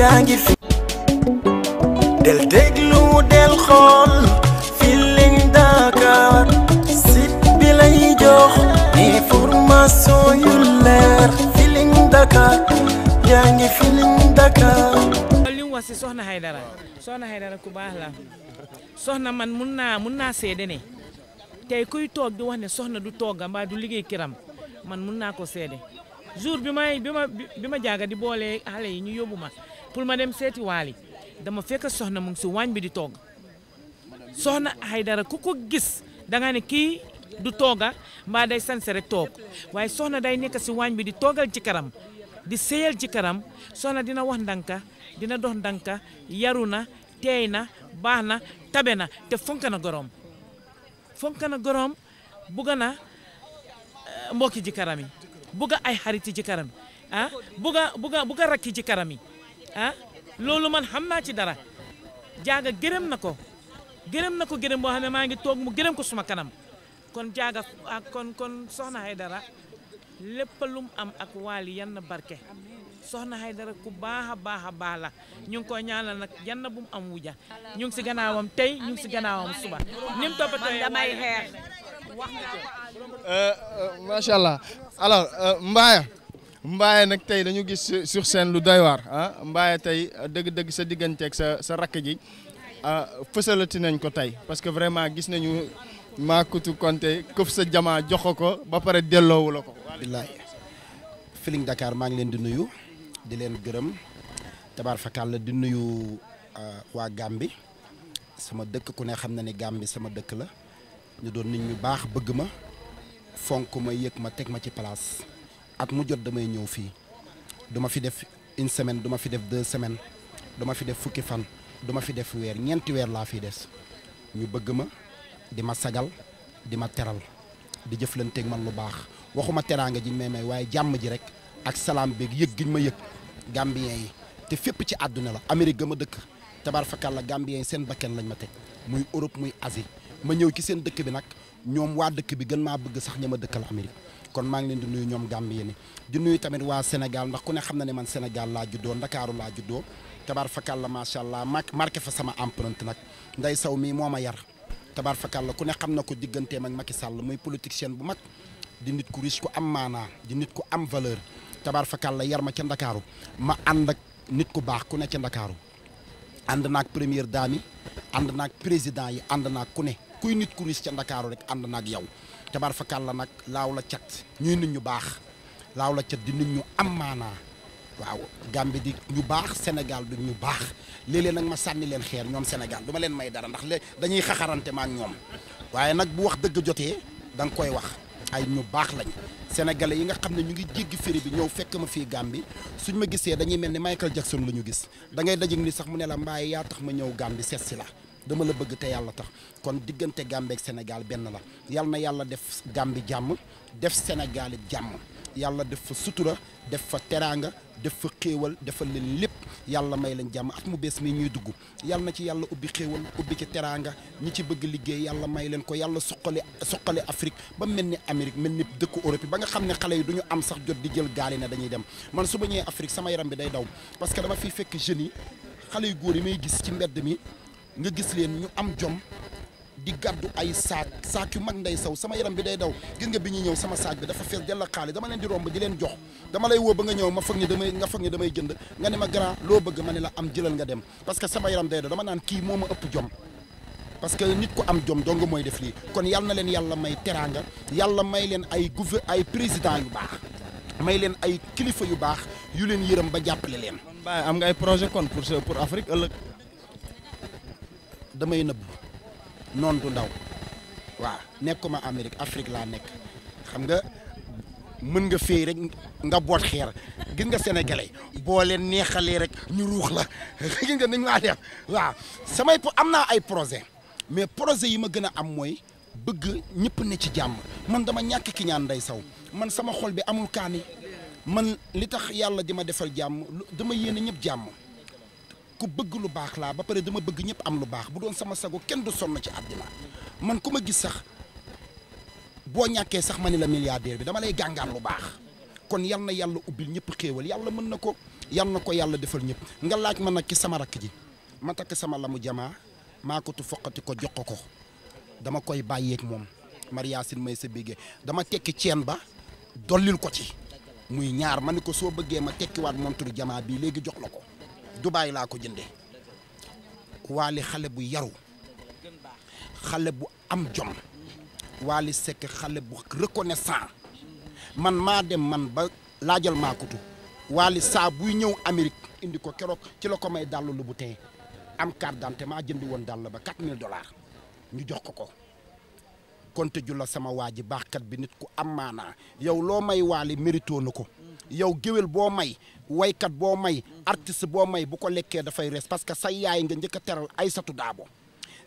yaa ngi fi del déglu del xool Feeling Dakar site jox information yu leer Feeling Dakar yaa ngi Feeling Dakar li mu wax si soxna Haydara soxna Haydara ku baax la man mun naa mun naa seede ne tey kuy toog di wax ne soxna du tooga mbaa du liggéey kiram man mun naa ko seede jour bi ma bi jaaga di boole xale yi ñu yóbbu ma pour ma dem seeti waali dama fekk soxna mu ngi si waañ bi di togg soxna dara ku ko gis da ne kii du tooga mbaa day sanse rek toog waaye soxna day nekk si waañ bi di toogal ci karam di séyal ci karam soxna dina wax ndanka dina dox ndanka yaru na teey na baax tabe na te fonk na goroom fonk na goroom bugga na eh, mbokki ji yi bugga ay xariti ji karam ah bugga bugga bugga rakki ji karam yi Ah, loolu man xam naa ci dara jaaga gërëm na ko gërëm na ko gërëm boo xam ne maa ngi toog mu gërëm ko suma kanam kon jaaga ak ah, kon kon soxna Haydara lépp lu am ak waali yan barke soxna Haydara ku baax a baax a baax la ñu ngi koy ñaanal nag yan bu mu am wuja ñu ngi si gannaawam tey ñu ngi si gannaawam suba ni mu toppatoo damay xeex euh, euh, macha allah alors euh, Mbaye nag tey dañu gis sur scène lu doy waar ah Mbaye tey ah, dëgg-dëgg sa digganteek sa sa rakk ji ah, fësalati nañ ko tey parce que vraiment gis nañu Makotou Konté këf sa jamaa jox ko ba pare delloowu la ko. bilaay Feeling Dakar maa ngi leen di nuyu di leen gërëm tabaar fakal la di nuyu ah, waa Gàmbi sama dëkk ku ne xam na ni Gàmbi sama dëkk la ñu doon nit ñu baax bëgg ma fonk ma yëg ma teg ma ci place. at mu jot damay ñëw fii duma fi def une semaine duma fi def deux semaine duma fi def fukki fan duma fi def weer ñeenti weer laa fii des ñu bëgg ma di ma sagal di ma teral di jëflanteeg man lu baax waxuma teraanga ji may may waaye jàmm ji rek ak salaam beeg yëg giñ ma yëg gambien yi te fépp ci àdduna la Amérique ga ma dëkk tabarfakalla gambien yi seen bakken lañ ma teg muy Europe muy Asie ma ñëw ci seen dëkk bi nag ñoom waa dëkk bi gën maa bëgg sax ña ma dëkkal kon maa ngi leen di nuyu ñoom Gambie ni di nuyu tamit waa Sénégal ndax ku ne xam na ne man Sénégal laa juddoo Ndakaaru laa juddoo tabaar la macha allah marke fa sama empreinte nag Ndeye Sow mii moo ma yar tabaar fakal la ku ne xam na ko digganteem ak Macky Sall muy politicien bu mag di nit ku riche ku am maanaa di nit ku am valeur tabaar la yar ma ca Ndakaaru ma ànd ak nit ku baax ku ne ca Ndakaaru ànd naa première dame yi ànd naag président yi ànd naag ku ne kuy nit ku riche ca rek ànd naag yow. tabar fakal la nag laaw la cat ñuy nit ñu baax laaw la cat di nit ñu am maanaa waaw Gambie di ñu baax Sénégal du ñu baax léeg-léeg nag ma sànni leen xeer ñoom Sénégal duma leen may dara ndax le dañuy xaxarante ma ak ñoom waaye nag bu wax dëgg jotee da koy wax ay ñu baax lañ sénégalais yi nga xam ne ñu ngi jéggi féri bi ñëw fekk ma fii Gambie suñ ma gisee dañuy mel ni Michael Jackson la ñu gis da ngay dajeeg ni sax mu ne la mbaay yaa tax ma ñëw Gambie seet si la dama la bëgg te yàlla tax kon diggante Gambie senegal Sénégal benn la yal na yàlla def Gambie jàmm def Sénégal it jàmm yàlla def fa sutura def fa teraanga def fa xéewal defal leen lépp yàlla may leen jàmm at mu bees mi ñuy dugg yàlla na ci yàlla ubbi xéewal ubbi ci teraanga ñi ci bëgg liggéey yàlla may leen ko yàlla suqali suqali Afrique ba mel ni Amérique mel ni dëkk Europe ba nga xam ne xale yi du ñu am sax jot di jël gaali ne dañuy dem man su ma ñëwee Afrique sama yaram bi day daw gis ci mbedd mi nga gis leen ñu am jom di gàddu ay saak saak yu mag ndey saw sama yaram bi day daw gën nga bi ñuy ñëw sama saak bi dafa fees jël la xaalis dama leen di romb di leen jox dama lay woo ba nga ñëw ma foog ni damay nga foog ni damay jënd nga ne ma grand loo bëgg ma ne la am jëlal nga dem parce que sama yaram day daw dama naan kii moo ma ëpp jom parce que nit ku am jom dong mooy def lii kon yal na leen yàlla may teraanga yàlla may leen ay gouver ay président yu baax may leen ay kilifa yu baax yu leen yërëm ba jàppale leen. kon Baye am nga ay projet kon pour pour Afrique ëllëg. damay nëbb noon du ndaw waaw nekkuma Amérique Afrique laa nekk xam nga mën nga féey rek nga boot xeer gën nga sénégalais boo leen neexalee rek ñu ruux la gis nga nañ maa def waaw samay am naa ay projet mais projet yi ma gën a am mooy bëgg ñëpp ne ci jàmm man dama ñàkk ki ñaan nday saw man sama xol bi amul kaani man li tax yàlla di ma defal jàmm dama yéene ñëpp jàmm ku bëgg lu baax laa ba pare dama bëgg ñëpp am lu baax bu doon sama sago kenn du sonn ci àddina man ku ma gis sax boo ñàkkee sax ma ni la milliardaire bi dama lay gàngaan lu baax kon yal na yàlla ubbil ñëpp xéewal yàlla mën na ko yal na ko yàlla defal ñëpp nga laaj ma nag ci sama rakk ji ma takk sama lamu jamaa maa ko tu foqati ko jox ko dama koy bàyyeeg moom Mariasin may sa bégee dama tekki ceen ba dollil ko ci muy ñaar ma ni ko soo bëggee ma tekkiwaat montre jamaa bii léegi jox la ko Dubaay laa ko jënde Wally xale bu yaru xale bu am jom Wally Seck xale bu reconnaissant man maa dem man ba laajal maakutu Wally saa buy ñëw Amérique indi ko keroog ci la ko may dàll lu bu tee am carte d'identité maa jëndi woon dàll ba 4000 dollars ñu jox ko ko konte ju la sama waa ji baaxkat bi nit ku am maanaa yow loo may Wally mérito na ko yow géwél boo may waykat boo may artiste boo may bu ko lekkee dafay res parce que sa yaay nga njëkk a teral Aysatu Daabo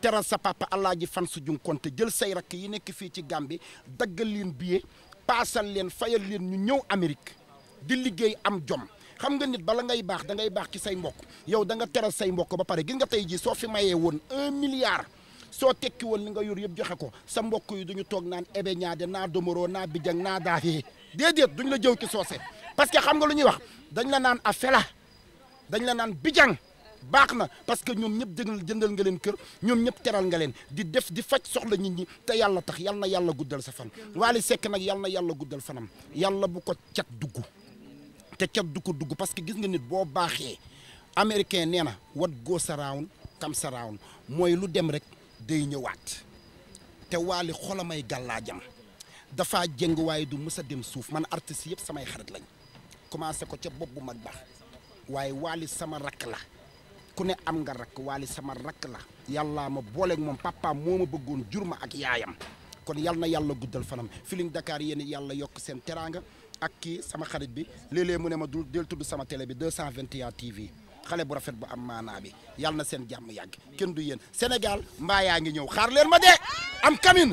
teral sa papa Alaaji fan su jung jël say rakk yi nekk fii ci Gàmbi daggal leen billet paasal leen fayal leen ñu ñëw Amérique di liggéey am jom xam nga nit bala ngay baax dangay baax ci say mbokk yow da nga teral say mbokk ba pare gis nga tey jii soo fi mayee woon un milliard soo tekki woon li nga yor yëpp joxe ko sa mbokk yi duñu toog naan ebe ñaade naa domoroo naa bijang naa déedéet duñ la jëw ki soose parce que xam nga lu ñuy wax dañ la naan a fela dañ la naan bijang baax na parce que ñoom ñëpp jëndal jëndal nga leen kër ñoom ñëpp teral nga leen di def di faj soxla nit ñi te yàlla tax yàlla na yàlla guddal sa fan Wally Seck nag yàlla na yàlla guddal fanam yàlla bu ko cat dugg te cat du ko dugg parce que gis nga nit boo baaxee américain nee na what goes around comes mooy lu dem rek day ñëwaat te Wally xolamay gàllaajam dafa jëng waaye du mës dem suuf man artiste yëpp samay xarit lañ commencé ko ca bopp bu mag baax waaye waali sama rakk la ku ne am nga rakk waali sama rakk la yàllaa ma booleeg moom papaam moo ma bëggoon jur ma ak yaayam kon yal na yàlla guddal fanam Feeling dakaar yéen yàlla yokk seen teraanga ak kii sama xarit bi léeg mu ne ma du del tudd sama tele bi 221 TV xale bu rafet bu am maanaa bi yàlla na seen jàmm yàgg kenn du yéen Sénégal mbaa yaa ngi ñëw xaar leen ma am kamin